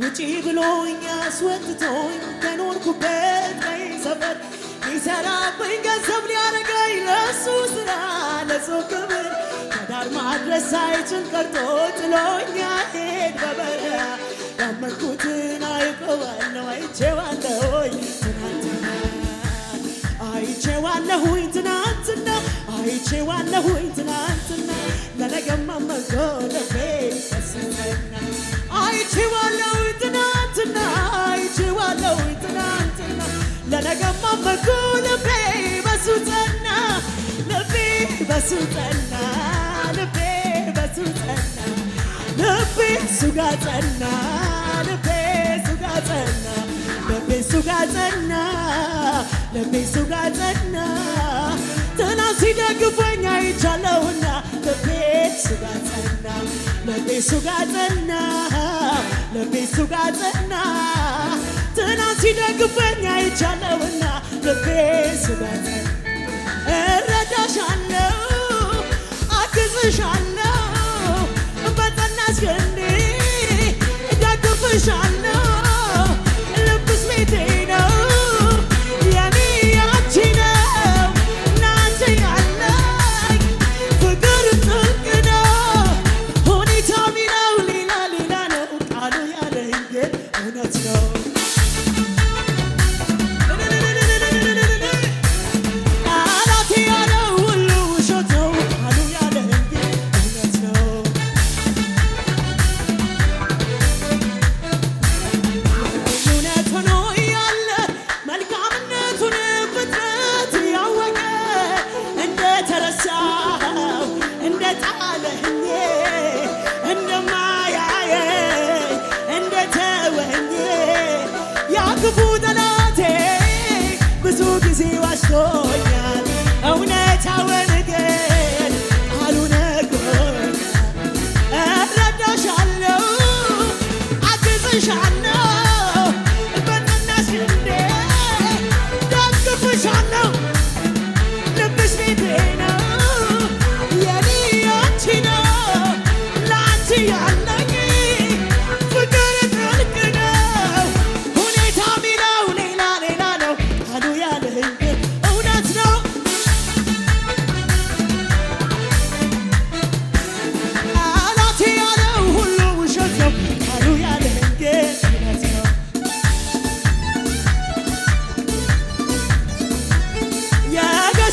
ውጪ ብሎኝ አስወጥቶኝ ከኖርኩበት ቀይ ሰፈር ሊሰራብኝ ገንዘብ ሊያረገኝ ለሱ ስራ ለሱ ክብር ከዳር ማድረስ ሳይችል ቀርቶ ጥሎኛ ሄድ በበረሃ ያመልኩትን አይቀዋለሁ አይቼዋለሁኝ ትናንትና አይቼዋለሁኝ ትናንት አይቼዋለሁኝ ትናንትና ለነገማ መጎደፌ ይፈስና አይቼዋለሁኝ ትናንትና አይቼዋለሁኝ ትናንትና ለነገማ መጎደፌ በሱ ጸና ልቤ በሱ ጸና ልቤ በሱ ጸና ልቤ ሱጋ ጸና ልቤ ሱጋ ጸና ልቤ ሱጋ ጸና ልቤ ሱጋ ጸና ሲደግፈኝ አይቻለሁና ለቤት ሱጋጠና ለቤት ሱጋጠና ለቤት ትናንት ሲደግፈኝ አይቻለሁና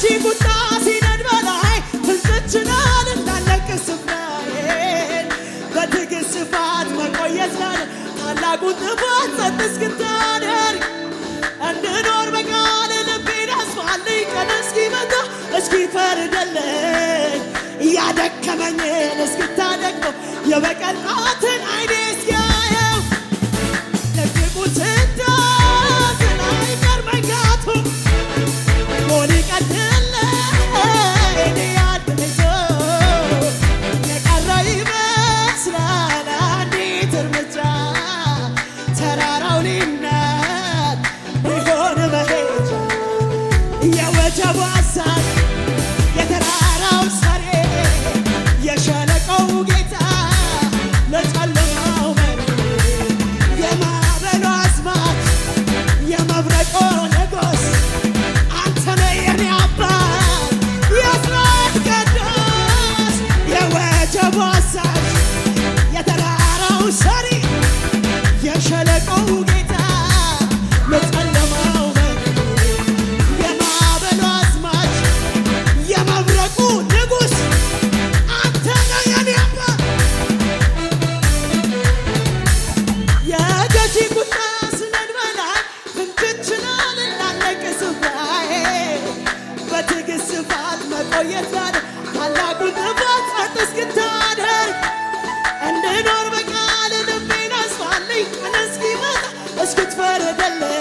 ሺህ ቁጣ ሲነድ በላይ ትልጥችናል እንዳለቅ ስፍራዬን በትዕግስት ስፋት መቆየት ላለ ታላቁ ጥፋት ጸጥ እስክታደርግ እንድኖር በቃል ልቤን አስፋልኝ ቀን እስኪመጣ እስኪፈርድልኝ እያደከመኝን እስክታደግመው የበቀል ጣትን አይኔ እስኪያየው ደቅቁትን ospit fără de lei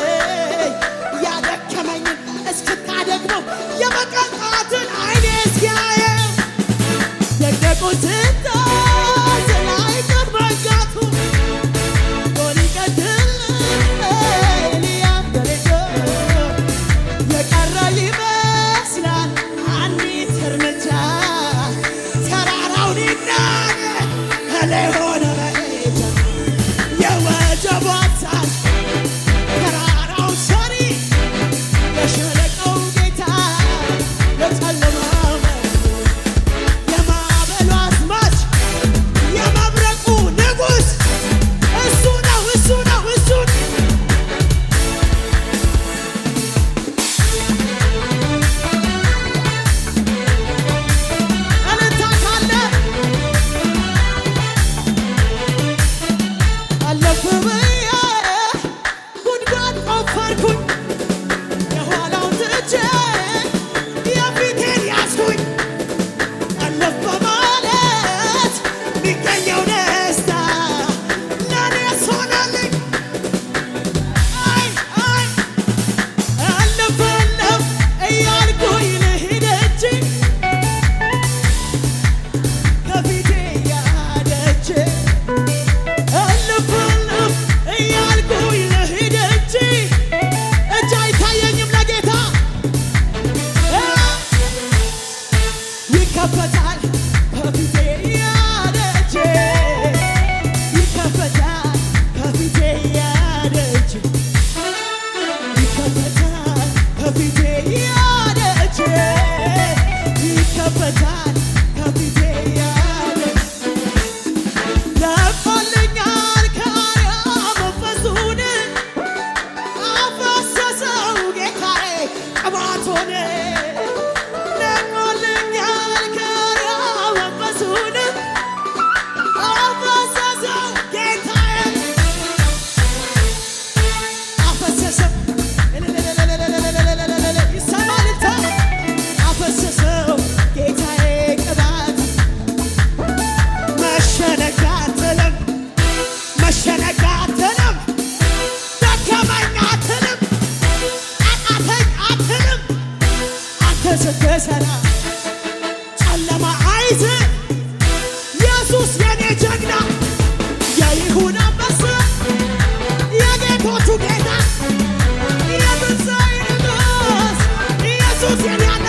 Susie and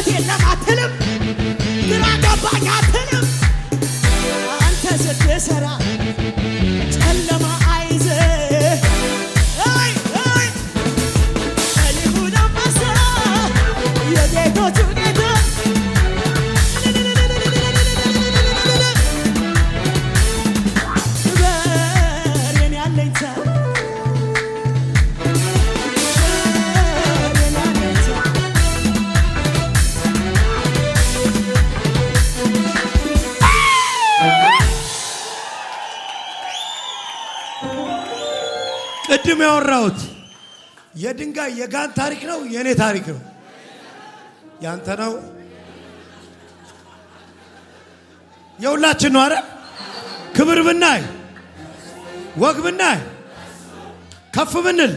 እውነት የለም አትልም፣ ግራ ገባኝ አትልም አንተ ስትሰራ ቅድም ያወራሁት የድንጋይ የጋን ታሪክ ነው፣ የእኔ ታሪክ ነው። ያንተ ነው፣ የሁላችን ነው። አረ ክብር ብናይ፣ ወግ ብናይ፣ ከፍ ብንል፣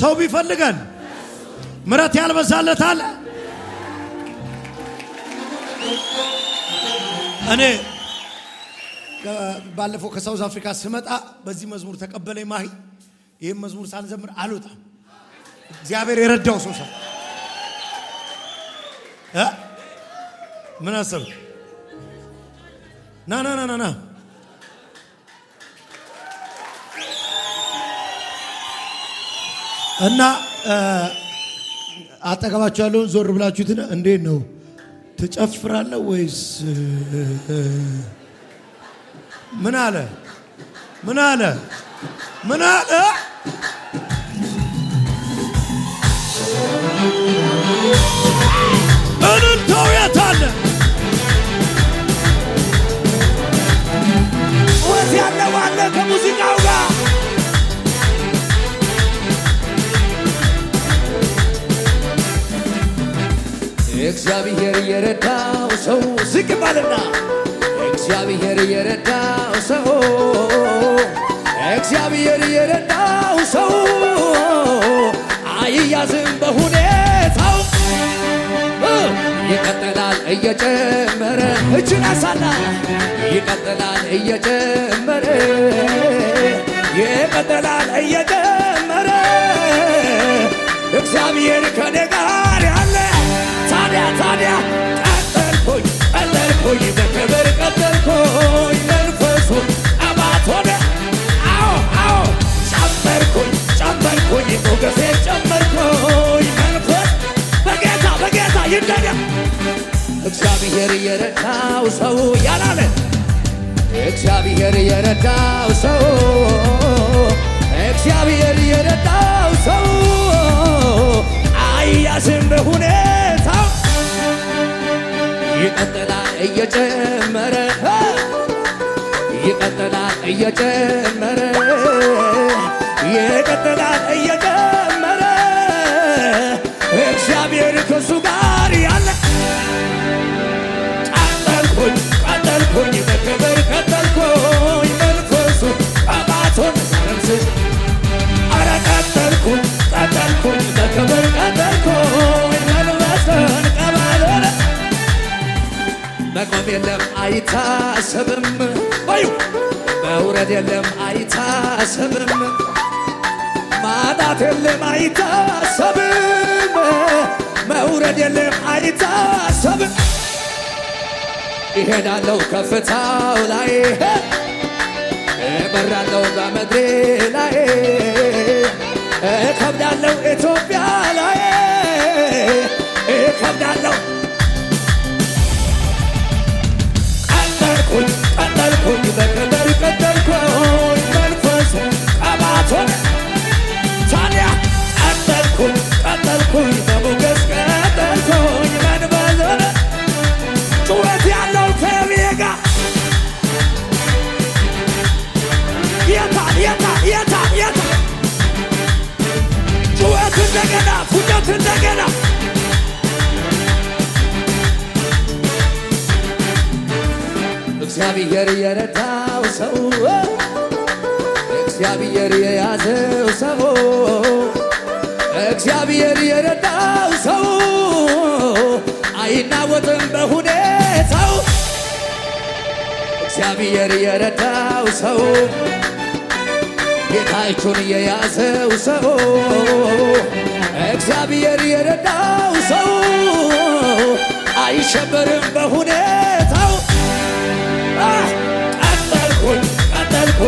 ሰው ቢፈልገን ምረት ያልበዛለት አለ። እኔ ባለፈው ከሳውዝ አፍሪካ ስመጣ በዚህ መዝሙር ተቀበለኝ ማሂ ይህም መዝሙር ሳልዘምር አልወጣም። እግዚአብሔር የረዳው ሰው ሰው ምን አሰብ ና እና አጠገባችሁ ያለውን ዞር ብላችሁት እንዴት ነው ትጨፍራለህ ወይስ ምን አለ ምን አለ ምን አለ ዝቅ በልና እግዚአብሔር የረዳው ሰው እግዚአብሔር የረዳው ሰው አይያዝም በሁኔታው ይቀጥላል እየጨመረ እጅን አሳና ይቀጥላል እየጨመረ ይቀጥላል እየጨመረ እግዚአብሔር ከኔ ጋር እግዚአብሔር የረዳው ሰው ያላለ እግዚአብሔር የረዳው ሰው እግዚአብሔር የረዳው ሰው አያስም በሁኔታው ይቀጥላል እየጨመረ ይቀጥላል እየጨመረ ይቀጥላል እየጨመረ አረ ቀጠልኩን ቀጠልኩን በክብር ቀጠልኩኝ መልበስን ቀበሮን መቆም የለም አይታሰብም በዩ መውረድ የለም አይታሰብም ማጣት የለም አይታሰብም መውረድ የለም አይታሰብም ይሄዳለው ከፍታው ላይ በራለው በምድሬ ላይ ከብዳለው ኢትዮጵያ እግዚአብሔር የረዳው ሰው እግዚአብሔር የያዘው ሰው እግዚአብሔር የረዳው ሰው አይናወጥም በሁኔታው እግዚአብሔር የረዳው ሰው ጌታችሁን የያዘው ሰው እግዚአብሔር የረዳው ሰው አይሸበርም በሁኔታ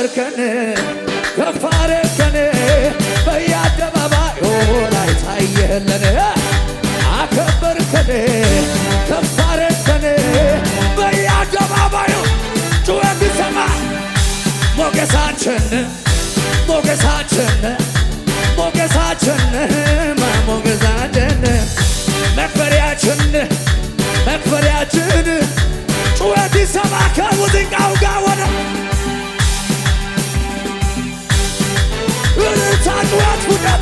አከበርከን ከፍ አረከን በየአደባባዩ ላይ ታየህልን አከበርከን ከፍ በየአደባባዩ ጩኸት ሰማ ሞገሳችን ሞገሳችን ሞገሳችን ሞገሳችን መክበሪያችን መክበሪያችን ጩኸት ሰማ ከሙዚቃው ጋር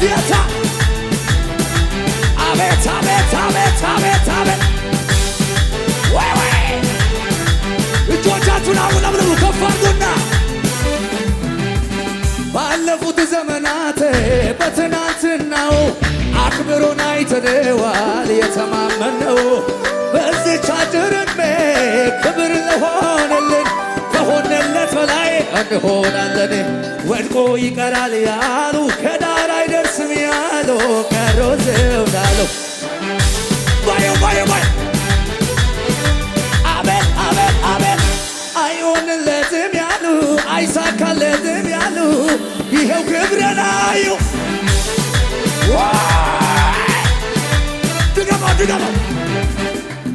ጌታ አቤት አቤት አቤት አቤት አቤት ወይ ወይ እጆቻችሁን አውለብልቡ ከፍ አድርጉና ባለፉት ዘመናት በትናንትናው አክብሮን አይተነዋል የተማመነው በዚች አጭር ዕድሜ ክብር ለሆነልን ከሆነለት በላይ እንሆናለን ወድቆ ይቀራል ያሉ ከዳር አይደርስም ያሉ ቀሮ ዘውድ አለው አይሆንለትም ያሉ አይሳካለትም ያሉ ይኸው ክብረናዩ ድገማ ድገማ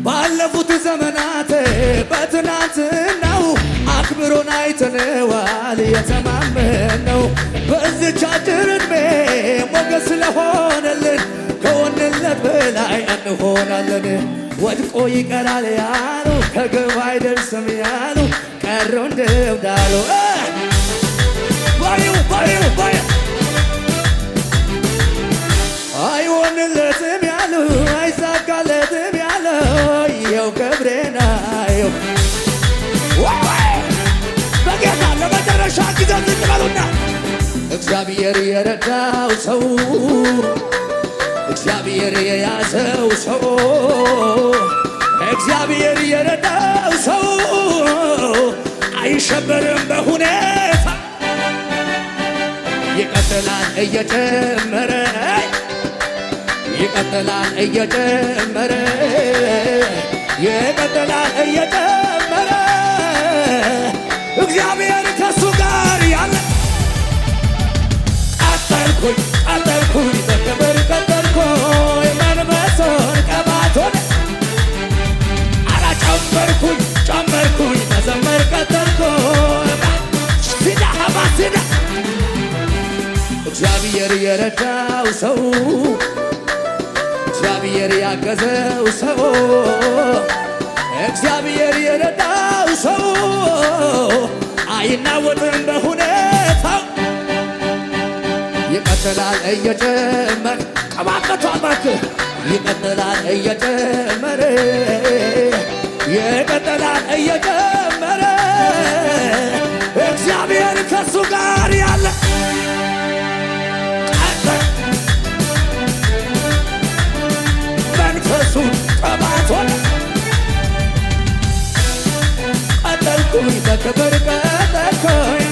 ባለፉት ዘመናት በትናንትናው አክብሮን አይተነዋል የተማመን ነው በእዚች አጭር ዕድሜ ሞገስ ስለሆነልን ከወንነት በላይ እንሆናለን። ወድቆ ይቀራል ያሉ ከግብ አይደርስም ያሉ ቀረው እንደምዳሉ እግዚአብሔር የረዳው ሰው እግዚአብሔር የያዘው ሰው እግዚአብሔር የረዳው ሰው አይሸበርም በሁኔታ ይቀጥላል እየጨመረ ይቀጥላል እየጨመረ ይቀጥላል እየጨመረ እግዚአብሔር ከሱ ጋር ያለ ቀጠልኩኝ ቀጠልኩኝ በክብር ቀጠልኩኝ መንፈሱን ቅባቱን አረ ጨመርኩኝ ጨመርኩኝ እግዚአብሔር የረዳው ሰው እግዚአብሔር ያገዘው ሰው እግዚአብሔር የረዳው ሰው ይቀጥላል እየጨመር ቀባበቷ ባክ ይቀጥላል እየጨመር ይቀጥላል እየጨመር እግዚአብሔር ከሱ ጋር ያለ መንፈሱን ቀባቷል ቀጠልኩኝ በክብር ቀጠልኩኝ